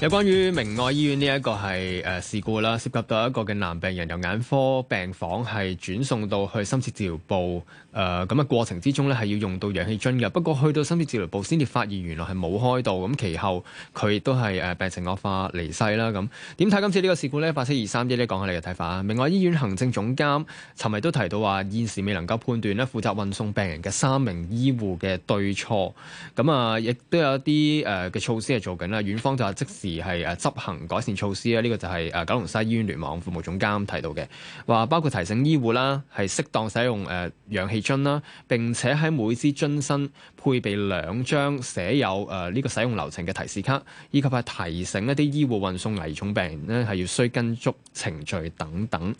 有關於明愛醫院呢一個係誒事故啦，涉及到一個嘅男病人由眼科病房係轉送到去深切治療部誒咁嘅過程之中呢，係要用到氧氣樽嘅。不過去到深切治療部先至發現原來係冇開到，咁其後佢都係誒病情惡化離世啦。咁點睇今次呢個事故呢，發出二三一。咧講下你嘅睇法啊！明愛醫院行政總監尋日都提到話，現時未能夠判斷咧負責運送病人嘅三名醫護嘅對錯。咁啊，亦都有一啲誒嘅措施係做緊啦。院方就話即時，而係誒執行改善措施咧，呢個就係誒九龍西醫院聯網服務總監提到嘅，話包括提醒醫護啦，係適當使用誒氧氣樽啦，並且喺每支樽身配備兩張寫有誒呢個使用流程嘅提示卡，以及係提醒一啲醫護運送危重病人呢係要需跟足程序等等。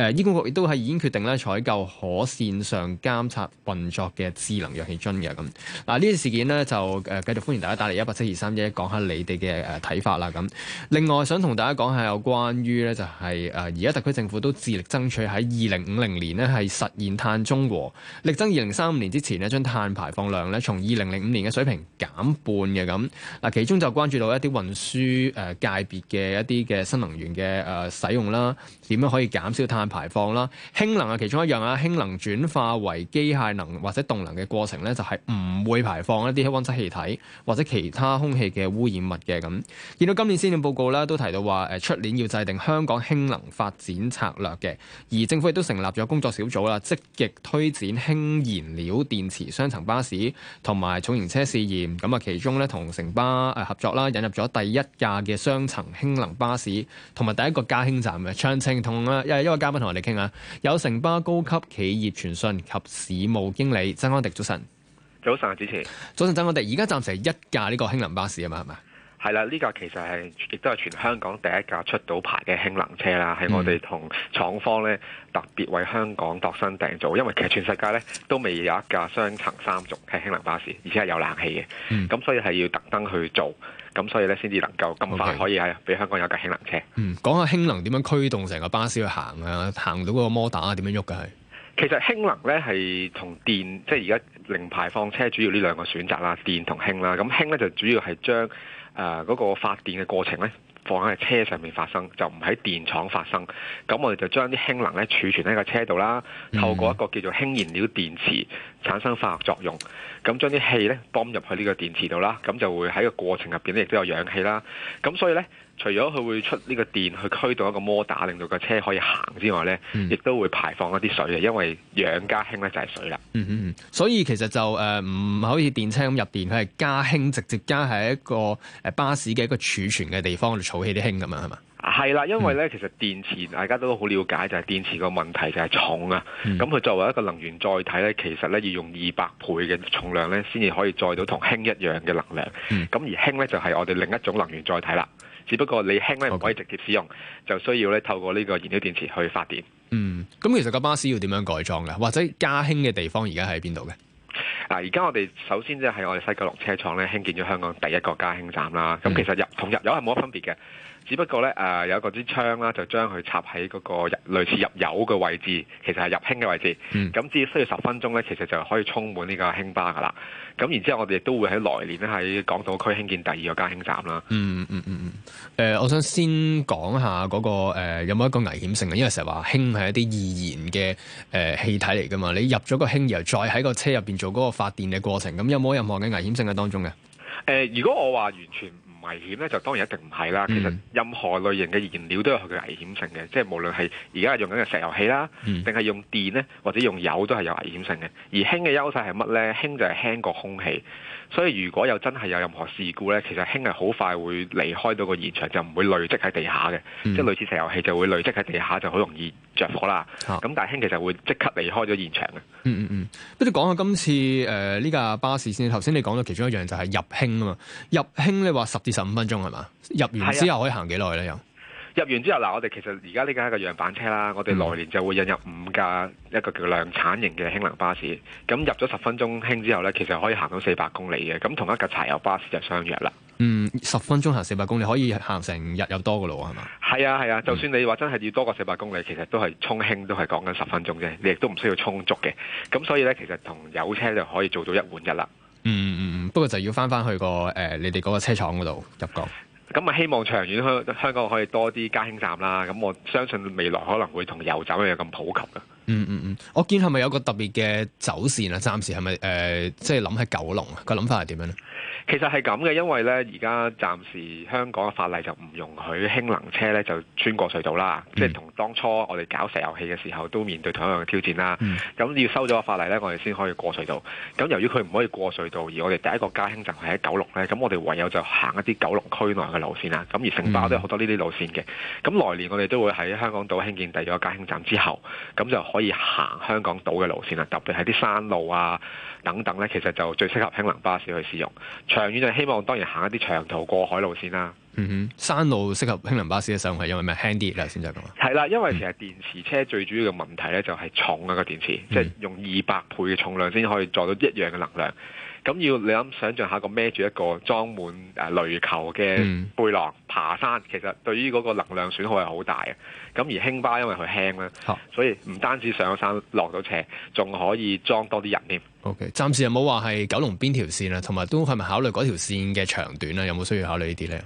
誒醫管局亦都係已經決定咧採購可線上監測運作嘅智能氧氣樽嘅咁。嗱呢次事件咧就誒繼續歡迎大家打嚟一八七二三一講下你哋嘅誒睇法啦咁。另外想同大家講下有關於咧就係誒而家特區政府都致力爭取喺二零五零年咧係實現碳中和，力爭二零三五年之前咧將碳排放量咧從二零零五年嘅水平減半嘅咁。嗱、啊、其中就關注到一啲運輸誒界別嘅一啲嘅新能源嘅誒使用啦，點樣可以減少碳排放啦，氫能啊其中一樣啊，氫能轉化為機械能或者動能嘅過程咧，就係唔會排放一啲温室氣體或者其他空氣嘅污染物嘅咁。見到今年施政報告咧，都提到話誒出年要制定香港氫能發展策略嘅，而政府亦都成立咗工作小組啦，積極推展氫燃料電池雙層巴士同埋重型車試驗，咁啊，其中咧同城巴誒合作啦，引入咗第一架嘅雙層氫能巴士同埋第一個加氫站嘅。長清同啊，又係一位嘉賓。同我哋傾下，有城巴高級企業傳訊及市務經理曾安廸，早晨。早晨啊，主持。早晨，曾安廸，而家暫時係一架呢個氫能巴士啊嘛，係嘛？係啦，呢架其實係亦都係全香港第一架出到牌嘅氫能車啦，係我哋同廠方咧特別為香港度身訂造的，因為其實全世界咧都未有一架雙層三軸係氫能巴士，而且係有冷氣嘅，咁、嗯、所以係要特登去做。咁所以咧，先至能夠咁快可以係俾、Okay. 香港有架氫能車。嗯，講下氫能點樣驅動成個巴士去行啊？行到嗰個摩打點樣喐㗎？係？其實氫能咧係同電，即係而家零排放車主要呢兩個選擇啦，電同氫啦。咁氫咧就主要係將誒嗰個發電嘅過程咧。放喺車上面發生，就唔喺電廠發生。咁我哋就將啲氫能咧儲存喺個車度啦，透過一個叫做氫燃料電池產生化學作用。咁將啲氣咧泵入去呢個電池度啦，咁就會喺個過程入邊咧亦都有氧氣啦。咁所以咧。除咗佢會出呢個電去驅動一個摩打，令到個車可以行之外呢亦、嗯、都會排放一啲水嘅，因為氧加氫呢，就係水啦。所以其實就誒唔係好似電車咁入電，佢係加氫直接加喺一個巴士嘅一個儲存嘅地方嚟儲起啲氫咁啊，係嘛？係啦，因為呢，其實電池大家都好了解，就係、是、電池個問題就係重啊。咁、嗯、佢作為一個能源載體呢，其實呢要用二百倍嘅重量呢，先至可以載到同氫一樣嘅能量。咁、嗯、而氫呢，就係、是、我哋另一種能源載體啦。只不過你氫呢唔可以直接使用，okay. 就需要咧透過呢個燃料電池去發電。嗯，咁其實個巴士要點樣改裝嘅，或者加氫嘅地方而家喺邊度嘅？嗱，而家我哋首先即係我哋西九龍車廠咧興建咗香港第一個加氫站啦。咁其實入、嗯、同入油係冇乜分別嘅。只不過咧，誒，有一個支槍啦，就將佢插喺嗰個類似入油嘅位置，其實係入氫嘅位置。咁、嗯、只需要十分鐘咧，其實就可以充滿呢個氫巴噶啦。咁然之後，我哋亦都會喺來年咧喺港島區興建第二個加氫站啦。嗯嗯嗯嗯誒、呃，我想先講下嗰、那個誒、呃，有冇一個危險性啊？因為成日話氫係一啲易燃嘅誒氣體嚟噶嘛。你入咗個氫以後，再喺個車入邊做嗰個發電嘅過程，咁有冇任何嘅危險性喺當中嘅？誒、呃，如果我話完全。危險咧就當然一定唔係啦。其實任何類型嘅燃料都有佢嘅危險性嘅、嗯，即係無論係而家用緊嘅石油氣啦，定、嗯、係用電咧，或者用油都係有危險性嘅。而氫嘅優勢係乜咧？氫就係輕過空氣。所以如果有真係有任何事故咧，其實氫係好快會離開到個現場，就唔會累積喺地下嘅、嗯，即係類似石油氣就會累積喺地下就好容易着火啦。咁、啊、但係氫其實會即刻離開咗現場嘅。嗯嗯嗯，不如講下今次誒呢架巴士先。頭先你講到其中一樣就係入氫啊嘛，入氫你話十至十五分鐘係嘛？入完之後可以行幾耐咧？又？入完之後嗱，我哋其實而家呢架係個樣板車啦，我哋來年就會引入五架一個叫量產型嘅氫能巴士。咁入咗十分鐘氫之後呢，其實可以行到四百公里嘅。咁同一架柴油巴士就相約啦。嗯，十分鐘行四百公里，可以行成日有多噶咯，係嘛？係啊係啊，就算你話真係要多過四百公里，其實都係充氫都係講緊十分鐘啫。你亦都唔需要充足嘅。咁所以呢，其實同有車就可以做到一換一啦。嗯嗯嗯，不過就要翻翻去、嗰個誒、呃，你哋嗰個車廠嗰度入角。咁啊，希望長遠香香港可以多啲加氫站啦。咁我相信未來可能會同油站一樣咁普及。嗯嗯嗯，我見係咪有個特別嘅走線啊？暫時係咪誒，即係諗喺九龍啊？個、嗯、諗法係點樣咧？其實係咁嘅，因為呢，而家暫時香港嘅法例就唔容許氫能車呢就穿過隧道啦、嗯。即係同當初我哋搞石油氣嘅時候都面對同樣嘅挑戰啦。咁、嗯、要收咗個法例呢，我哋先可以過隧道。咁由於佢唔可以過隧道，而我哋第一個加氫站係喺九龍呢。咁我哋唯有就行一啲九龍區內嘅路線啦。咁而城巴都有好多呢啲路線嘅。咁來年我哋都會喺香港島興建第二個加氫站之後，咁就可以行香港島嘅路線啦。特別係啲山路啊等等呢，其實就最適合氫能巴士去使用。長遠就希望當然行一啲長途過海路線啦。嗯哼，山路適合氫能巴士嘅使用係因為咩？輕啲啦，先就咁啦。係啦，因為其實電池車最主要嘅問題咧就係重啊，個電池，即、嗯、係、就係、用二百倍嘅重量先可以做到一樣嘅能量。咁要你諗想像下個孭住一個裝滿誒雷球嘅背囊、嗯、爬山，其實對於嗰個能量損耗係好大嘅。咁而氫巴因為佢輕啦，所以唔單止上到山落到斜，仲可以裝多啲人添。OK，暫時有冇話係九龍邊條線啊？同埋都係咪考慮嗰條線嘅長短啊？有冇需要考慮呢啲咧？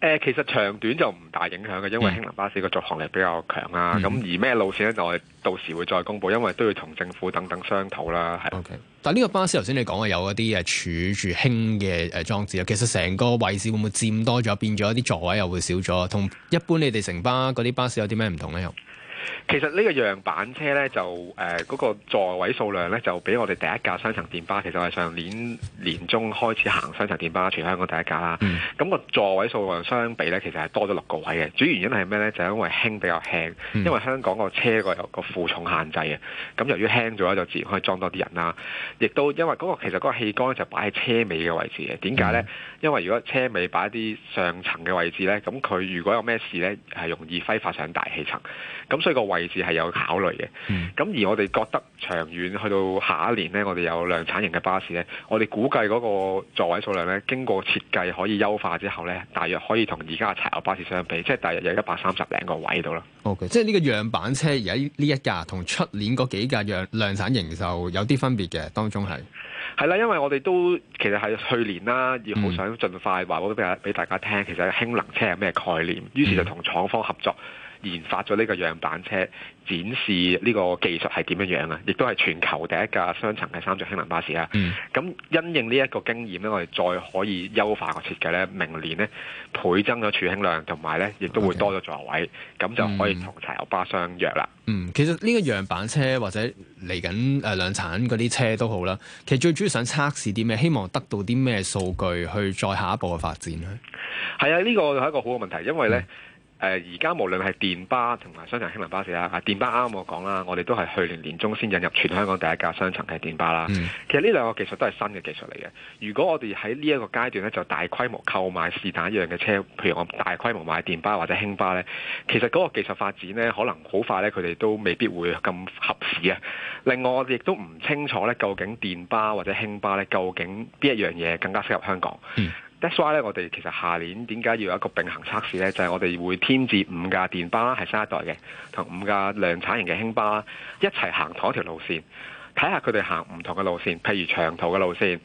誒、呃，其實長短就唔大影響嘅，因為氫能巴士個續航力比較強啊。咁、嗯、而咩路線咧，就係到時會再公布，因為都要同政府等等商討啦。係。Okay. 但係呢個巴士頭先你講嘅有一啲誒儲住氫嘅誒裝置啊，其實成個位置會唔會佔多咗，變咗一啲座位又會少咗？同一般你哋城巴嗰啲巴士有啲咩唔同咧？其實呢個樣板車呢，就誒嗰、呃嗰個座位數量呢，就比我哋第一架雙層電巴，其實係上年年中開始行雙層電巴，全香港第一架啦。咁、嗯那個座位數量相比呢，其實係多咗六個位嘅。主要原因係咩呢？就因為輕比較輕，因為香港個車個有個負重限制嘅。咁、嗯、由於輕咗就自然可以裝多啲人啦。亦都因為嗰、嗰個其實嗰個氣缸就擺喺車尾嘅位置嘅。點解呢？因為如果車尾擺一啲上層嘅位置呢，咁佢如果有咩事呢，係容易揮發上大氣層。咁所以。這個位置係有考慮嘅，咁、嗯、而我哋覺得長遠去到下一年呢，我哋有量產型嘅巴士呢，我哋估計嗰個座位數量呢，經過設計可以優化之後呢，大約可以同而家柴油巴士相比，即係大約有一百三十零個位度啦。O、okay, K，即係呢個樣板車而家呢一架同出年嗰幾架樣量產型就有啲分別嘅，當中係係啦，因為我哋都其實係去年啦，而好想盡快話俾俾大家聽，其實氫、嗯、能車係咩概念，於是就同廠方合作。嗯研發咗呢個樣板車展示呢個技術係點樣樣啊？亦都係全球第一架雙層嘅三座氫能巴士啦。咁、嗯、因應呢一個經驗咧，我哋再可以優化個設計咧，明年呢，倍增咗儲氫量同埋咧，亦都會多咗座位，咁、okay, 嗯、就可以同柴油巴相約啦、嗯。嗯，其實呢個樣板車或者嚟緊誒量產嗰啲車都好啦。其實最主要想測試啲咩？希望得到啲咩數據去再下一步嘅發展咧？係啊，呢、呢個係一個好嘅問題，因為呢。嗯誒而家無論係電巴同埋雙層氫能巴士啦、啊，電巴啱啱我講啦，我哋都係去年年中先引入全香港第一架雙層嘅電巴啦。其實呢兩個技術都係新嘅技術嚟嘅。如果我哋喺呢一個階段咧，就大規模購買是但一樣嘅車，譬如我大規模買電巴或者氫巴咧，其實嗰個技術發展咧，可能好快咧，佢哋都未必會咁合時啊。另外我哋亦都唔清楚咧，究竟電巴或者氫巴咧，究竟邊一樣嘢更加適合香港？嗯 That's why 咧，我哋其實下年點解要有一個並行測試呢？就係、是、我哋會添置五架電巴，係新一代嘅，同五架量產型嘅氫巴一齊行同一條路線，睇下佢哋行唔同嘅路線，譬如長途嘅路線、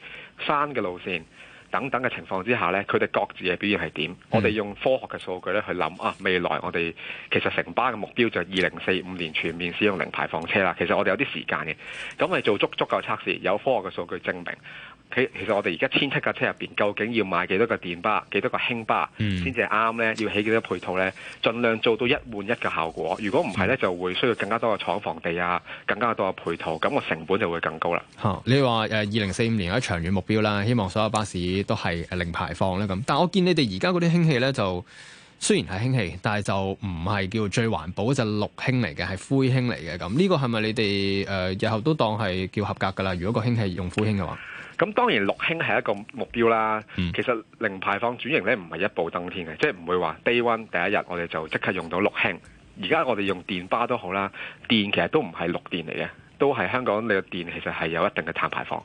山嘅路線等等嘅情況之下呢，佢哋各自嘅表現係點？Mm. 我哋用科學嘅數據咧去諗啊，未來我哋其實城巴嘅目標就係二零四五年全面使用零排放車啦。其實我哋有啲時間嘅，咁我哋做足足夠測試，有科學嘅數據證明。其實實，我哋而家千七架車入面，究竟要買幾多個電巴、幾多個氫巴先至啱咧？要起幾多配套咧？盡量做到一換一嘅效果。如果唔係咧，就會需要更加多嘅廠房地啊，更加多嘅配套，咁、那個成本就會更高啦。嚇、嗯，你話誒二零四五年有長長遠目標啦，希望所有巴士都係零排放啦咁，但我見你哋而家嗰啲氫氣咧，就雖然係氫氣，但係就唔係叫最環保，就綠氫嚟嘅係灰氫嚟嘅。咁呢個係咪你哋日、呃、後都當係叫合格噶啦？如果個氫氣用灰氫嘅話？咁當然綠氫係一個目標啦、嗯。其實零排放轉型咧，唔係一步登天嘅，即係唔會話 day one 第一日我哋就即刻用到綠氫。而家我哋用電巴都好啦，電其實都唔係綠電嚟嘅，都係香港你嘅電，其實係有一定嘅碳排放。咁、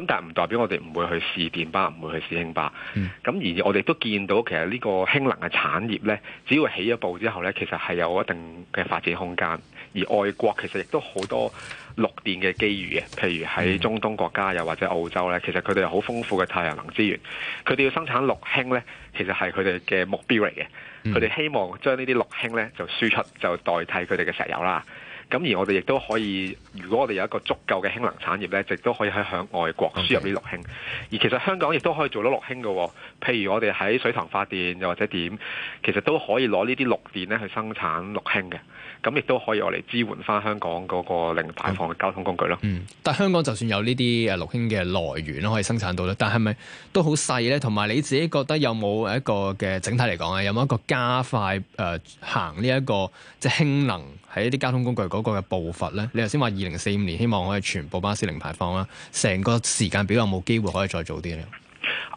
嗯、但係唔代表我哋唔會去試電巴，唔會去試氫巴。咁、嗯、而我哋都見到其實呢個氫能嘅產業呢，只要起一步之後呢，其實係有一定嘅發展空間。而外國其實亦都好多綠電嘅機遇嘅，譬如喺中東國家又或者澳洲咧，其實佢哋有好豐富嘅太陽能資源，佢哋要生產綠氫咧，其實係佢哋嘅目標嚟嘅，佢哋希望將呢啲綠氫咧就輸出，就代替佢哋嘅石油啦。咁而我哋亦都可以，如果我哋有一個足夠嘅氫能產業咧，亦都可以喺向外國輸入啲綠氫。Okay. 而其實香港亦都可以做到綠氫嘅，譬如我哋喺水塘發電又或者點，其實都可以攞呢啲綠電咧去生產綠氫嘅。咁亦都可以我嚟支援翻香港嗰個零排放嘅交通工具咯、嗯。嗯，但香港就算有呢啲誒綠氫嘅來源，可以生產到啦，但係咪都好細咧？同埋你自己覺得有冇一個嘅整體嚟講咧，有冇一個加快誒、呃、行呢、這、一個即係氫能？喺啲交通工具嗰個嘅步伐咧，你頭先話二零四五年希望可以全部巴士零排放啦，成個時間表有冇機會可以再早啲咧？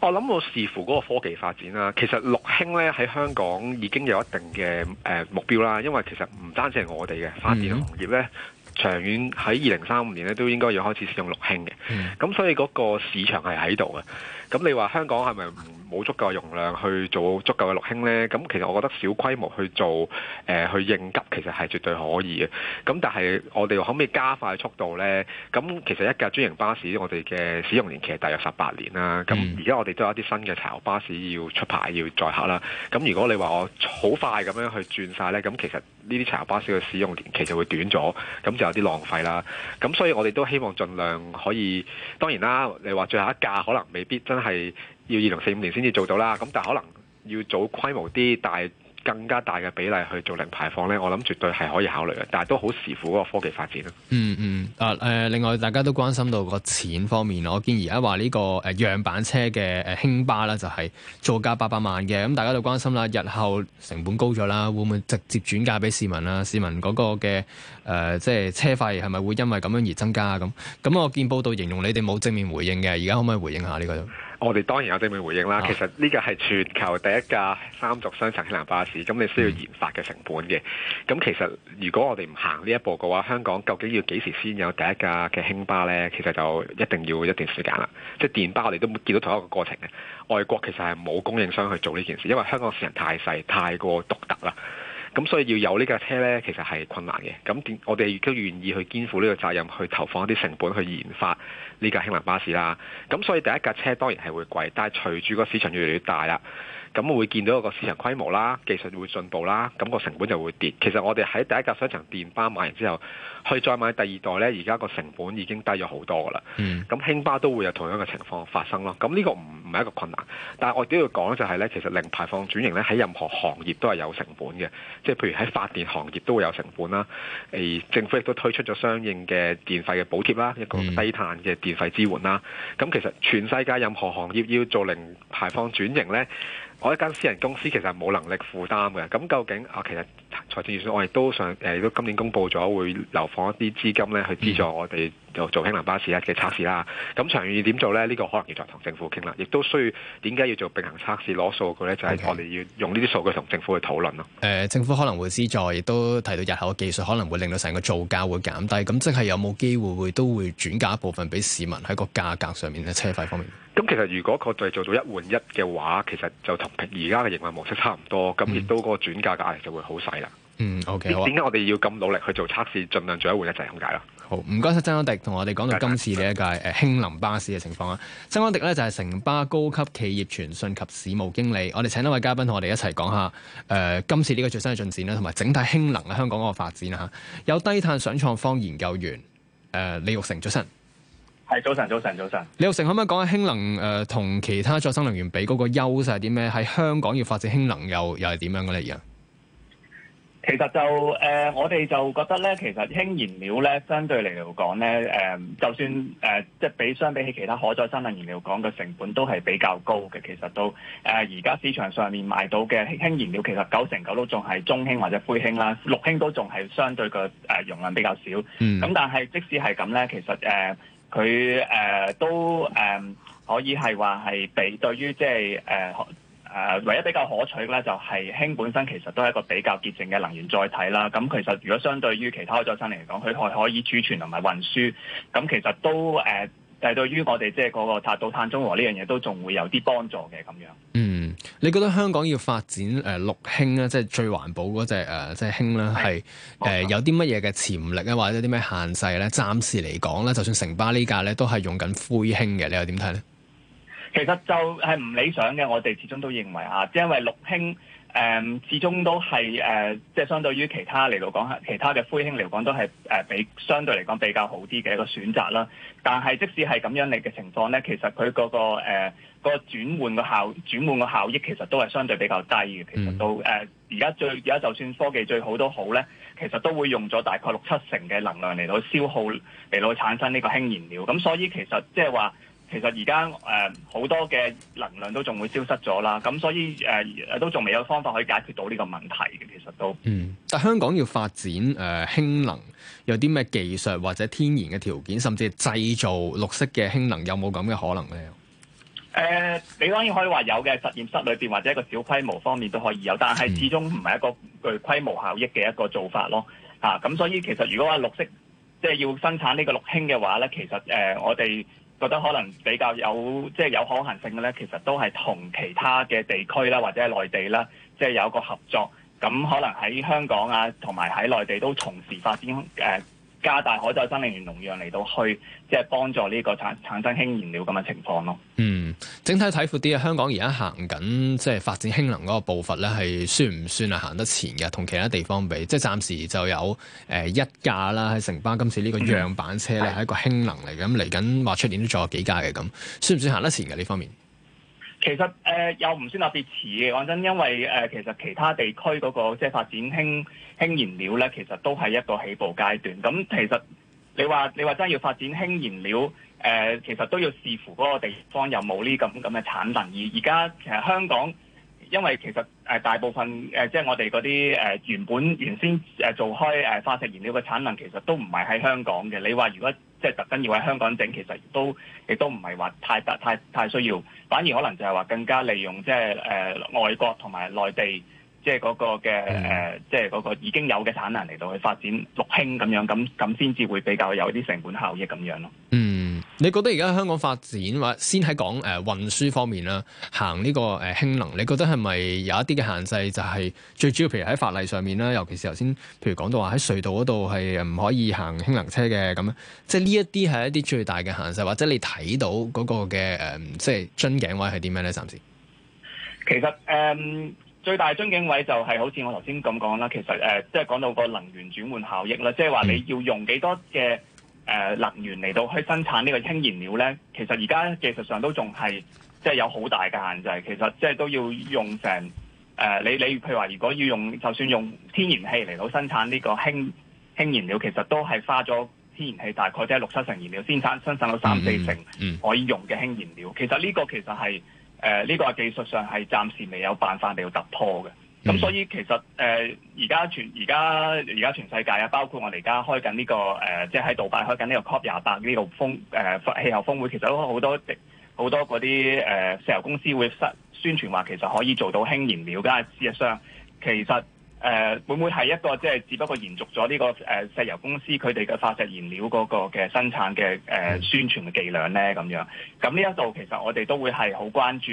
我諗我視乎嗰個科技發展啦。其實綠氫咧，喺香港已經有一定嘅誒目標啦，因為其實唔單止係我哋嘅發展行業咧，長遠喺二零三五年咧都應該要開始使用綠氫嘅。咁、嗯、所以嗰個市場係喺度嘅。咁你話香港係咪冇足夠容量去做足夠嘅綠氫呢？咁其實我覺得小規模去做、呃、去應急其實係絕對可以嘅。咁但係我哋可唔可以加快速度呢？咁其實一架專營巴士我哋嘅使用年期係大約十八年啦。咁而家我哋都有一啲新嘅柴油巴士要出牌要載客啦。咁如果你話我好快咁樣去轉晒呢，咁其實呢啲柴油巴士嘅使用年期就會短咗，咁就有啲浪費啦。咁所以我哋都希望儘量可以，當然啦，你話最後一架可能未必真係要二零四五年先至做到啦，咁但係可能要早規模啲，但大更加大嘅比例去做零排放呢，我諗絕對係可以考慮嘅，但係都好視乎嗰個科技發展咯。嗯嗯，誒、啊、誒、呃，另外大家都關心到個錢方面，我見而家話呢個誒、呃、樣板車嘅誒氫巴啦，就係造價八百萬嘅，咁大家都關心啦，日後成本高咗啦，會唔會直接轉嫁俾市民啊？市民嗰個嘅誒、呃、即係車費係咪會因為咁樣而增加啊？咁咁我見報道形容你哋冇正面回應嘅，而家可唔可以回應一下呢，呢個？我哋當然有正面回應啦。其實呢個係全球第一架三軸雙層氫能巴士，咁你需要研發嘅成本嘅。咁其實如果我哋唔行呢一步嘅話，香港究竟要幾時先有第一架嘅氫巴呢？其實就一定要一段時間啦。即係電巴我哋都冇見到同一個過程嘅。外國其實係冇供應商去做呢件事，因為香港市場太細，太過獨特啦。咁所以要有呢架車呢，其實係困難嘅。咁我哋亦都願意去肩負呢個責任，去投放一啲成本去研發呢架氫能巴士啦。咁所以第一架車當然係會貴，但係隨住個市場越嚟越大啦。咁會見到個市場規模啦，技術會進步啦，咁個成本就會跌。其實我哋喺第一架雙層電巴買完之後，去再買第二代呢，而家個成本已經低咗好多噶啦。咁輕巴都會有同樣嘅情況發生咯。咁呢個唔唔係一個困難，但我都要講就係呢，其實零排放轉型呢，喺任何行業都係有成本嘅，即係譬如喺發電行業都會有成本啦。欸、政府亦都推出咗相應嘅電費嘅補貼啦，一個低碳嘅電費支援啦。咁其實全世界任何行業要做零排放轉型呢。我一間私人公司其實係冇能力負擔嘅，咁究竟啊，其實財政預算我亦都想誒、呃，都今年公布咗會流放一啲資金咧，去資助我哋就做、嗯、做氫能巴士一嘅測試啦。咁長遠點做咧？呢、這個可能要再同政府傾啦，亦都需要點解要做並行測試攞數據咧？就係、是、我哋要用呢啲數據同政府去討論咯。誒、okay. 呃，政府可能會資助，亦都提到日後技術可能會令到成個造價會減低，咁即係有冇機會會都會轉嫁一部分俾市民喺個價格上面嘅車費方面？咁其實如果我哋做到一換一嘅話，其實就同而家嘅營運模式差唔多，咁、嗯、亦都嗰個轉嫁嘅壓力就會好細啦。嗯，OK，點解我哋要咁努力去做測試，儘量做一換一就係咁解啦。好，唔該晒。曾安廸同我哋講到今次呢一屆誒、啊、氫能巴士嘅情況啊。曾安廸呢就係、是、城巴高級企業傳訊及市務經理。我哋請一位嘉賓同我哋一齊講下誒今次呢個最新嘅進展啦，同埋整體氫能咧香港嗰個發展啊。有低碳想創坊研究員誒、呃、李育成早晨。係早晨，早晨，早晨。李育成可唔可以講下氫能誒，同、呃、其他再生能源比嗰個優勢係啲咩？喺香港要發展氫能又又係點樣嘅咧？而家其實就誒、呃，我哋就覺得咧，其實氫燃料咧相對嚟講咧，誒、呃，就算誒、呃、即係比相比起其他可再生能源燃料講嘅成本都係比較高嘅。其實都誒、而、呃、家市場上面賣到嘅氫燃料，其實九成九都仲係中氫或者灰氫啦，綠氫都仲係相對個誒、呃、容量比較少。咁、嗯、但係即使係咁咧，其實誒。呃佢誒、呃、都誒、呃、可以係話係比對於即係誒誒唯一比較可取嘅呢，就係氫本身其實都係一個比較潔淨嘅能源載體啦。咁、嗯、其實如果相對於其他再生能源嚟講，佢可以儲存同埋運輸，咁、嗯、其實都誒、呃、對於我哋即係嗰個達到碳中和呢樣嘢都仲會有啲幫助嘅咁樣。嗯你覺得香港要發展誒綠氫咧，即係最環保嗰隻誒，即係氫啦，係誒、呃、有啲乜嘢嘅潛力啊，或者啲咩限制咧？暫時嚟講咧，就算城巴呢架咧，都係用緊灰氫嘅，你又點睇咧？其實就係唔理想嘅，我哋始終都認為啊，即係因為綠氫誒，始終都係誒、呃，即係相對於其他嚟到講，其他嘅灰氫嚟講都係誒，比相對嚟講比較好啲嘅一個選擇啦。但係即使係咁樣嚟嘅情況咧，其實佢嗰、那個、呃個轉換個效轉換個效，效益其實都係相對比較低嘅。其實都誒而家最而家就算科技最好都好咧，其實都會用咗大概六七成嘅能量嚟到消耗嚟到產生呢個氫燃料。咁所以其實即係話其實而家誒好多嘅能量都仲會消失咗啦。咁所以誒、呃、都仲未有方法可以解決到呢個問題嘅。其實都嗯，但香港要發展誒氫、呃、能有啲咩技術或者天然嘅條件，甚至製造綠色嘅氫能有冇咁嘅可能咧？誒、呃，你當然可以話有嘅實驗室裏面或者一個小規模方面都可以有，但係始終唔係一個具規模效益嘅一個做法咯。咁、啊、所以其實如果話綠色即係、就是、要生產呢個綠氫嘅話咧，其實誒、呃，我哋覺得可能比較有即係、就是、有可行性嘅咧，其實都係同其他嘅地區啦，或者係內地啦，即、就、係、是、有一個合作。咁可能喺香港啊，同埋喺內地都同時發展誒。呃加大海藻新能源農藥嚟到去，即係幫助呢個產產生氫燃料咁嘅情況咯。嗯，整體睇闊啲啊，香港而家行緊即係發展氫能嗰個步伐咧，係算唔算係行得前嘅？同其他地方比，即係暫時就有誒一架啦，喺城巴今次呢個樣板車咧係一個氫能嚟，咁嚟緊話出年都仲有幾架嘅咁，算唔算行得前嘅呢方面？其實誒、呃、又唔算特別遲，講真，因為誒、呃、其實其他地區嗰、那個即係、就是、發展氫氫燃料咧，其實都係一個起步階段。咁其實你話你話真係要發展氫燃料誒、呃，其實都要視乎嗰個地方有冇呢咁咁嘅產能。而而家其實香港，因為其實、呃、大部分誒即係我哋嗰啲誒原本原先做開誒化石燃料嘅產能，其實都唔係喺香港嘅。你話如果，即係特登要喺香港整，其實都亦都唔係話太特太太需要，反而可能就係話更加利用即係誒、呃、外國同埋內地即係嗰個嘅誒，即係嗰個,、呃、個已經有嘅產能嚟到去發展綠氫咁樣，咁咁先至會比較有啲成本效益咁樣咯。嗯。你覺得而家香港發展話先喺講誒運輸方面啦，行呢個誒氫能，你覺得係咪有一啲嘅限制？就係最主要，譬如喺法例上面啦，尤其是頭先，譬如講到話喺隧道嗰度係唔可以行氫能車嘅咁。即係呢一啲係一啲最大嘅限制，或者你睇到嗰個嘅誒，即係樽頸位係點樣咧？暫時其實誒、呃、最大樽頸位就係好似我頭先咁講啦。其實誒、呃、即係講到個能源轉換效益啦，即係話你要用幾多嘅。呃、能源嚟到去生產呢個氫燃料咧，其實而家技術上都仲係即係有好大嘅限制。其實即係都要用成誒、呃、你你譬如話，如果要用就算用天然氣嚟到生產呢個氫燃料，其實都係花咗天然氣大概即係六七成燃料先生生產到三四成可以用嘅氫燃料。其實呢個其實係誒呢個技術上係暫時未有辦法嚟到突破嘅。咁、嗯、所以其實誒而家全而家而家全世界啊，包括我哋而家開緊呢、這個誒，即係喺杜拜開緊呢個 COP 廿八呢個峰誒、呃、氣候峯會，其實都好多好多嗰啲誒石油公司會失宣傳話，其實可以做到輕燃料嘅事實上。其實誒、呃、會唔會係一個即係、就是、只不過延續咗呢、這個、呃、石油公司佢哋嘅化石燃料嗰個嘅生產嘅誒、呃、宣傳嘅伎倆咧？咁樣咁呢一度其實我哋都會係好關注，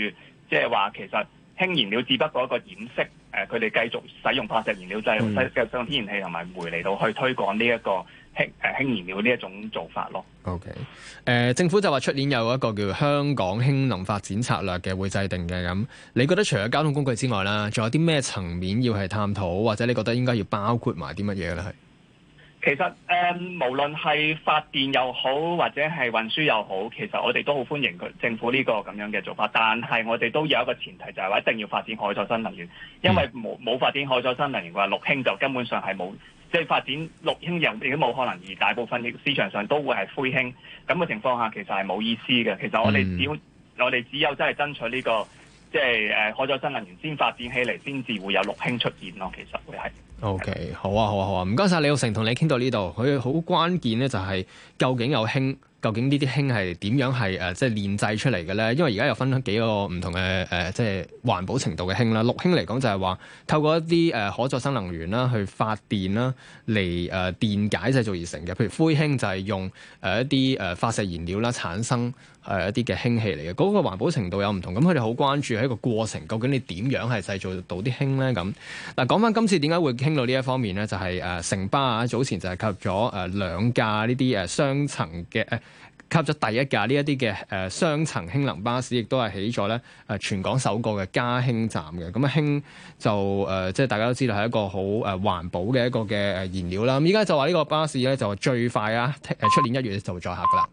即係話其實。氫燃料只不過一個掩飾，誒佢哋繼續使用化石燃料製造，繼、嗯、續使用天然氣同埋煤嚟到去推廣呢一個氫誒、呃、氫燃料呢一種做法咯。OK，誒、呃、政府就話出年有一個叫香港氫能發展策略嘅會制定嘅，咁你覺得除咗交通工具之外啦，仲有啲咩層面要係探討，或者你覺得應該要包括埋啲乜嘢咧？係。其實誒、嗯，無論係發電又好，或者係運輸又好，其實我哋都好歡迎佢政府呢個咁樣嘅做法。但係我哋都有一個前提，就係、是、話一定要發展海藻新能源，因為冇冇發展海藻新能源嘅、嗯、話，綠氫就根本上係冇，即、就、係、是、發展綠氫又亦都冇可能，而大部分嘅市場上都會係灰氫咁嘅情況下，其實係冇意思嘅。其實我哋只要、嗯、我哋只有真係爭取呢、這個，即、就、係、是呃、海藻新能源先發展起嚟，先至會有綠氫出現咯。其實會係。O.K. 好啊，好啊，好啊，唔該晒李育成，你，同你傾到呢度，佢好關鍵咧，就係究竟有氫，究竟呢啲氫係點樣係誒，即係煉製出嚟嘅咧？因為而家有分幾個唔同嘅誒、呃，即係環保程度嘅氫啦。綠氫嚟講就係話透過一啲誒、呃、可再生能源啦去發電啦，嚟誒、呃、電解製造而成嘅。譬如灰氫就係用誒一啲誒化石燃料啦產生。誒一啲嘅氫氣嚟嘅，嗰、那個環保程度有唔同，咁佢哋好關注喺一個過程，究竟你點樣係製造到啲氫咧？咁嗱，講翻今次點解會傾到呢一方面咧，就係、是、誒、呃、城巴啊，早前就係購入咗誒兩架呢啲誒雙層嘅，購入咗第一架呢一啲嘅誒雙層氫能巴士，亦都係起咗咧誒全港首個嘅加氫站嘅。咁啊，氫就誒即係大家都知道係一個好誒環保嘅一個嘅燃料啦。咁而家就話呢個巴士咧就最快啊，誒出年一月就會載客㗎喇。